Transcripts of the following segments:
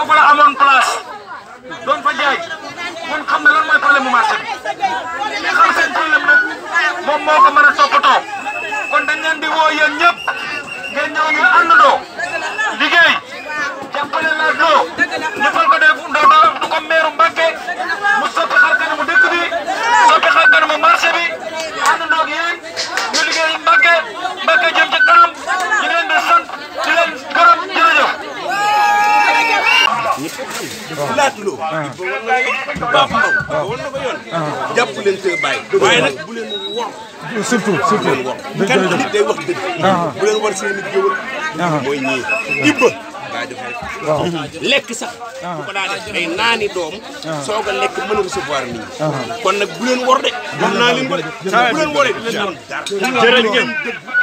foofu la amoon place doon fa jaay mun xam ne lan mooy problème mu marché bi li xam seen problème nag moom moo ko laatuloo ah. baax maw war na ko yoon ah. jàpp leen te bàyyi waaye nag bu leen wor surtout surtout leen wor kan nit day wax dëgg ah. bu leen war seen nit jëwal mooy ñii ibba daa def lekk sax bu ko daa def naani doom soog a lekk mën a recevoir nit ñi kon nag bu leen wor de wax naa leen ko de bu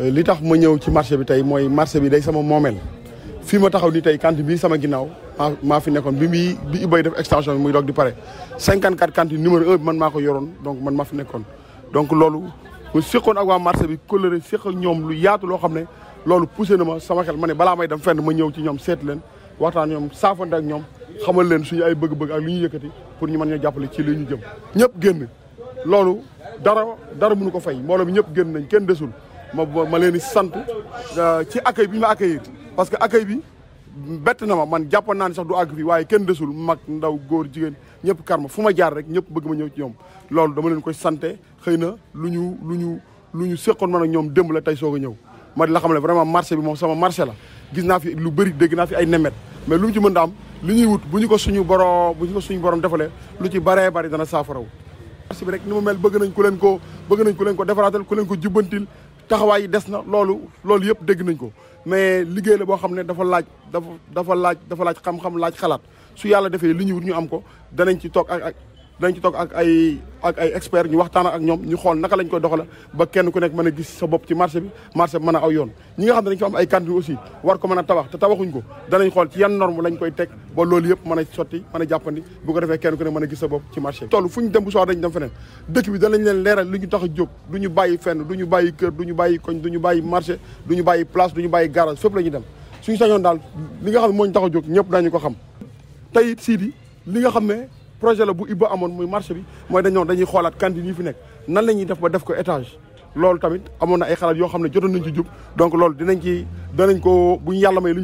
Euh, li tax ma ñëw ci marché bi tey mooy marché bi day sama moomeel fii ma taxaw ni tey cantine bii sama ginnaaw maa maa fi nekkoon bi muy bi Iboy def extension bi muy di pare 54 cantine numéro 1 bi man maa ko yoroon donc man maa fi nekkoon donc loolu mu séqoon ak waa marché bi coloré séq ak ñoom lu yaatu loo xam ne loolu poussé na ma sama xel ma ne balaa may dem fenn ma ñëw ci ñoom seet leen waxtaan ñoom saafante ak ñoom xamal leen suñu ay bëgg-bëgg ak lu ñu yëkkati pour ñu mën ñoo jàppale ci li ñu jëm ñëpp génn loolu dara dara mënu ko fay mbooloo bi ñëpp génn nañ kenn desul ma ma leen di sant euh, ci accueil bi ñu ma parce que accueil bi bett na ma man jàppoon naa ne sax du àgg fii waaye kenn desul mag ndaw góor jigéen ñëpp kar ma fu ma jaar rek ñëpp bëgg ma ñëw ci ñoom loolu dama leen koy sante xëy na lu ñu lu ñu lu ñu seqoon man ak ñoom démb la tey soog a ñëw ma di la xam ne vraiment marché bi moom sama marché la gis naa fi lu bëri dégg naa fi ay nemet mais lu mu ci mën da am li ñuy wut bu ñu ko suñu borom bu ñu ko suñu defalee lu ci baree bari dana saafaraw marché bi rek ni mu mel bëgg nañ ku leen ko bëgg nañ ku leen ko defaraatal ku leen ko jubbantil taxawaay des na loolu loolu yëpp dégg nañ ko mais liggéey la boo xam ne dafa laaj dafa dafa laaj dafa laaj xam-xam laaj xalaat su yàlla defee li ñu wut ñu am ko danañ ci toog ak ak. dinañ ci toog ak ay ak ay experts ñu waxtaan ak ñoom ñu xool naka lañ koy doxala ba kenn ku nekk mën a gis sa bopp ci marché bi marché bi mën a aw yoon ñi nga xam ne a tabax te tabaxuñ ko danañ xool ci yan norme lañ koy teg ba loolu yëpp mën a sotti mën a kenn ku nekk mën a gis sa bopp ci marché bi toll fu ñu ñu tax a jóg du ñu bàyyi fenn du ñu bàyyi kër du ñu bàyyi koñ du ñu bàyyi marché du ñu bàyyi place du ñu bàyyi garage fépp la ñu dem suñu sañoon daal li nga xam ne moo ñu tax a jóg ñëpp dañu ko xam tey siidi li nga xam ne projet la bu Ibba amoon muy marché bi mooy dañoo dañuy xoolaat cantine yi fi nekk nan la ñuy def ba def ko étage loolu tamit amoon na ay xalaat yoo xam ne jotoon nañ ci jub loolu dinañ ci danañ ko bu ñu yàlla may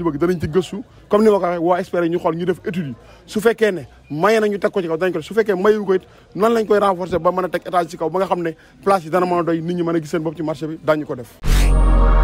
ci gëstu comme ni ma ñu xool ñu def étude yi su fekkee ne maye nañu teg ko ci kaw danañ ko su fekkee mayu a teg étage ci kaw ba nga xam ne place yi dana mën a doy nit ñi mën a gis seen bopp ci marché bi daañu ko def